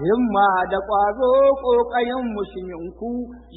himma da ƙwazo ƙayan musulminku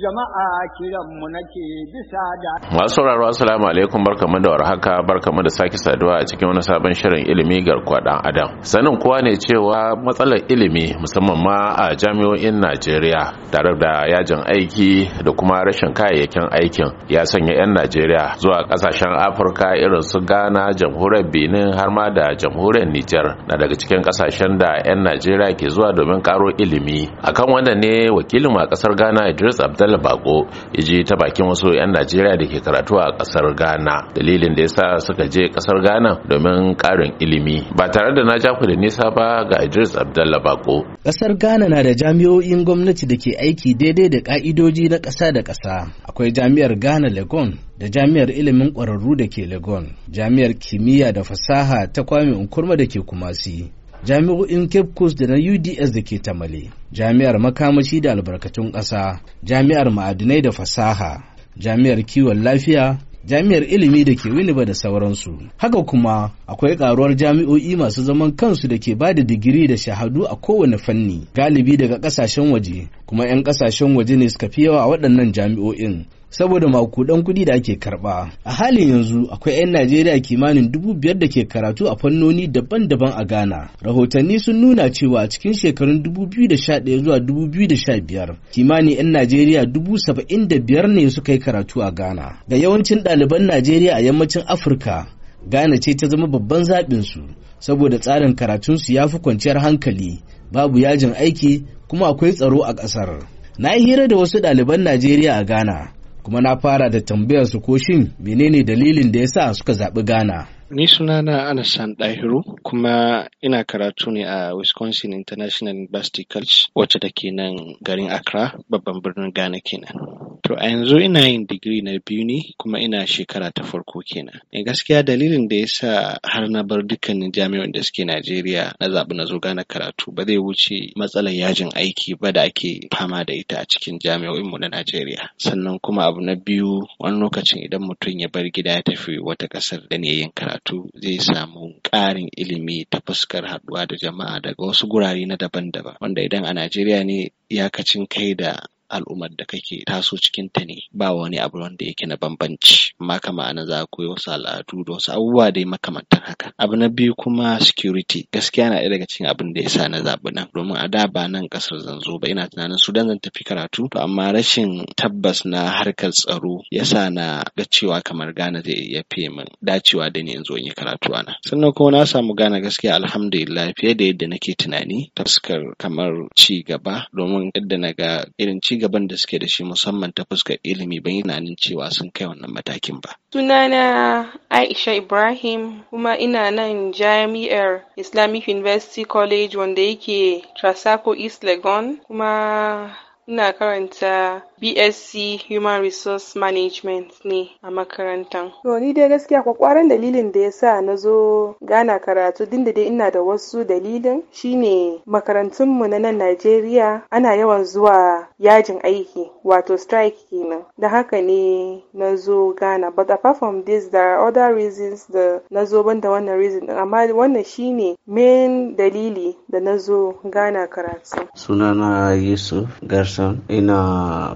jama'a kiranmu nake bisa da. Masu sauraro 'asalamu alaikum barkamu da warhaka barkamu da sake saduwa a cikin wani sabon shirin ilimi garkuwa ɗan adam. Sanin kowa ne cewa matsalar ilimi musamman ma a jami'o'in Najeriya tare da yajin aiki da kuma rashin kayayyakin aikin ya sanya 'yan Najeriya zuwa kasashen Afirka irin su Ghana, jamhuriyar Benin har ma da jamhuriyar Nijar na daga cikin ƙasashen da 'yan Najeriya ke zuwa domin karo ilimi akan wannan ne wakilin a kasar ghana idris abdalla bako ya ji ta bakin wasu 'yan najeriya da ke karatu a kasar ghana dalilin da ya sa suka je kasar ghana domin karin ilimi ba tare da na ja ku da nisa ba ga idris abdalla bako kasar ghana na da jami'o'in gwamnati da ke aiki daidai da ka'idoji na ƙasa da ƙasa akwai jami'ar ghana legon da jami'ar ilimin ƙwararru da ke legon jami'ar kimiyya da fasaha ta kwame Unkurma da ke kumasi jami'o'in cape coast da na uds da ke tamale jami'ar makamashi da albarkatun ƙasa jami'ar ma'adinai da fasaha jami'ar kiwon lafiya jami'ar ilimi da ke ba da sauransu haka kuma akwai ƙaruwar jami'o'i masu zaman kansu da ke ba da digiri da shahadu a kowane fanni galibi daga ƙasashen waje kuma 'yan ƙasashen waje ne suka fi yawa a waɗannan jami'o'in saboda makudan kuɗi da ake karɓa. A halin yanzu akwai 'yan Najeriya kimanin dubu biyar da ke karatu a fannoni daban-daban a Ghana. Rahotanni sun nuna cewa a cikin shekarun dubu biyu da sha ɗaya zuwa dubu biyu da sha biyar, kimanin 'yan Najeriya dubu saba'in da biyar ne suka yi karatu a Ghana. Ga yawancin ɗaliban Najeriya a yammacin Afirka, Ghana ce ta zama babban zaɓin su saboda tsarin karatunsu ya fi kwanciyar hankali, babu yajin aiki kuma akwai tsaro a ƙasar. Na yi hira da wasu ɗaliban Najeriya a Ghana kuma na fara da tambayar su ko shin menene dalilin da ya sa suka zaɓi Ghana. Ni sunana Anasan ɗahiru kuma ina karatu ne a Wisconsin International University College wacce ke nan garin Accra babban birnin Ghana kenan. To a yanzu ina yin digiri na biyu ne kuma ina shekara ta farko kenan. E gaskiya dalilin da ya sa har na bar dukkanin jami'an da suke Najeriya na zaɓi na zo gane karatu ba zai wuce matsalar yajin aiki ba da ake fama da ita a cikin mu na Najeriya. Sannan kuma abu na biyu wani lokacin idan mutum ya bar gida ya tafi wata ƙasar da ne yin karatu. karatu zai samu ƙarin ilimi ta fuskar haɗuwa da jama'a daga wasu gurare na daban-daban wanda idan a Najeriya ne iyakacin kai da al'ummar da kake taso cikin ta ne ba wani abu wanda yake na bambanci amma kamar ana za ku wasu al'adu da wasu abubuwa da makamantan haka abu na biyu kuma security gaskiya na ɗaya daga cikin abin da ya sa na zaɓi nan domin a da ba nan ƙasar zanzo ba ina tunanin sudan zan tafi karatu to amma rashin tabbas na harkar tsaro ya sa na ga cewa kamar ghana zai iya fiye min dacewa da ni in zo in yi karatu a nan sannan kuma na samu gane gaskiya alhamdulillah fiye da yadda nake tunani ta kamar ci gaba domin yadda na ga irin ci gaban da suke da shi musamman ta fuskar ilimi ban yi nanin cewa sun kai wannan matakin ba. Sunana Aisha Ibrahim kuma ina nan jami'ar Islamic University College wanda yake Trasaco East Legon kuma Ina karanta BSc Human Resource Management ne a makarantan. To ni dai gaskiya kwakwaran dalilin da ya sa na zo gana karatu din da dai ina da wasu dalilin shine makarantunmu na nan Najeriya ana yawan zuwa yajin aiki wato strike kenan. Da haka ne na zo gana but apart from this there are other reasons da na zo ban da wannan reason amma wannan shine main dalili da na zo gana karatu. Sunana Yusuf Garsa ina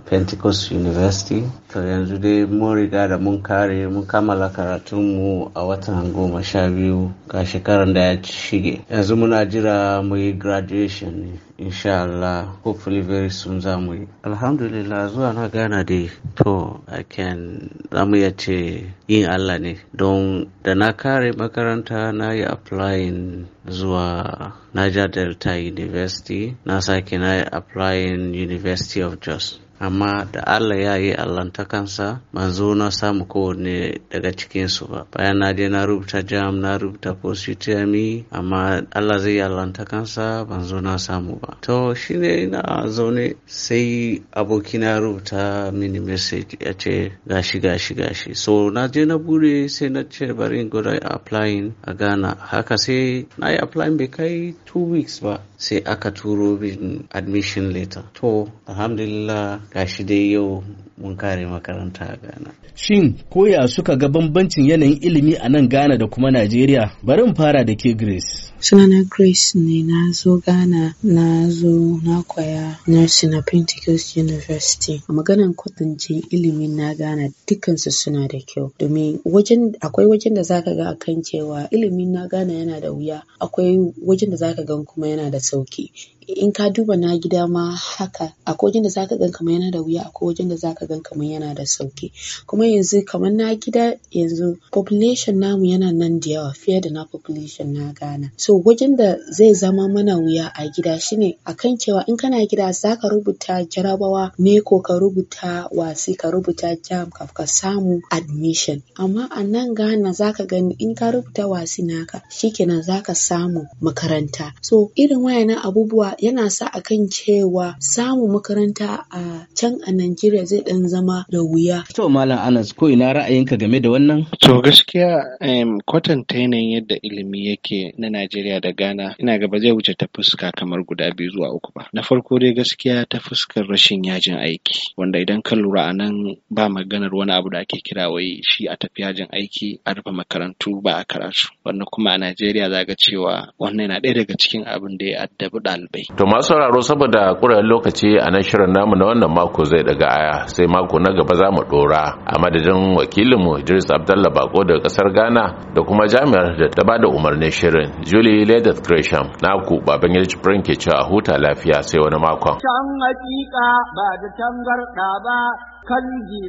Pentecost University. To yanzu dai mun riga da mun kare mun kammala karatunmu a watan goma sha biyu ga shekarar da ya shige. Yanzu muna jira mu yi graduation ne. inshallah Allah hopefully very soon za mu yi alhamdulillah zuwa na gana dai to I can za mu iya ce yin Allah ne don da na kare makaranta na yi applying zuwa Niger Delta University na sake na yi applying University of Jos amma da Allah ya yi allantakansa ban zo na samu kowanne daga cikinsu ba bayan na je na rubuta jam na rubuta positiyami amma Allah zai yi allantakansa ban zo na samu ba to shine na zaune sai abokina rubuta mini message ya ce gashi gashi gashi so na je na bude sai na ce bari in gwada applying a Ghana haka sai na yi applying bai kai two weeks ba sai aka turo bin admission letter to alhamdulillah 我是，得有 mun kare makaranta a Ghana. Shin koya suka ga bambancin yanayin ilimi a nan Ghana da kuma Najeriya? Barin fara da ke Grace. Sunana Grace ne na zo Ghana na zo na koya nursing a Pentecost University. A maganan kwatancin ilimin na Ghana dukansu suna da kyau domin wajen akwai wajen da zaka ga akan cewa ilimin na Ghana yana da wuya akwai wajen da zaka gan kuma yana da sauki. In ka duba na gida ma haka akwai wajen da zaka gan kamar yana da wuya akwai wajen da zaka gan kamar yana da sauki kuma yanzu kamar na gida yanzu population namu yana nan da yawa fiye da na population na gana so wajen da zai zama mana wuya a gida shine akan cewa in kana gida za ka rubuta jarabawa ne ko ka rubuta wasi ka rubuta jam ka samu admission amma a nan Ghana za ka gani in ka rubuta wasi naka shikenan za ka samu makaranta so irin wayannan abubuwa yana sa akan cewa samun makaranta a can a Najeriya zai ɗan zama da wuya. To Malam Anas ko ina ra'ayinka game da wannan? To gaskiya kwatanta yanayin yadda ilimi yake na Najeriya da Ghana ina gaba zai wuce ta fuska kamar guda biyu zuwa uku ba. Na farko dai gaskiya ta fuskar rashin yajin aiki wanda idan ka lura a nan ba maganar wani abu da ake kira wai shi a tafi yajin aiki a rufe makarantu ba a karatu. Wannan kuma a Najeriya za ga cewa wannan yana ɗaya daga cikin abin da ya addabi ɗalibai. To masu sauraro saboda ƙuran lokaci a nan shirin namu na wannan mako zai daga aya sai sai mako na gaba za mu dora a madadin wakilinmu Idris Abdallah Bako daga kasar Ghana da kuma jami'ar da ta bada umarnin shirin Julie Ledet Gresham na ku baban Yarji Prin ke cewa huta lafiya sai wani makon. Can hakika ba da tangarda ba kan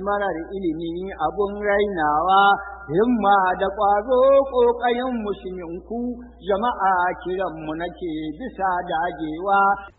marar ilimi abun rainawa himma da kwazo ƙoƙarin musulminku jama'a kiranmu nake bisa dagewa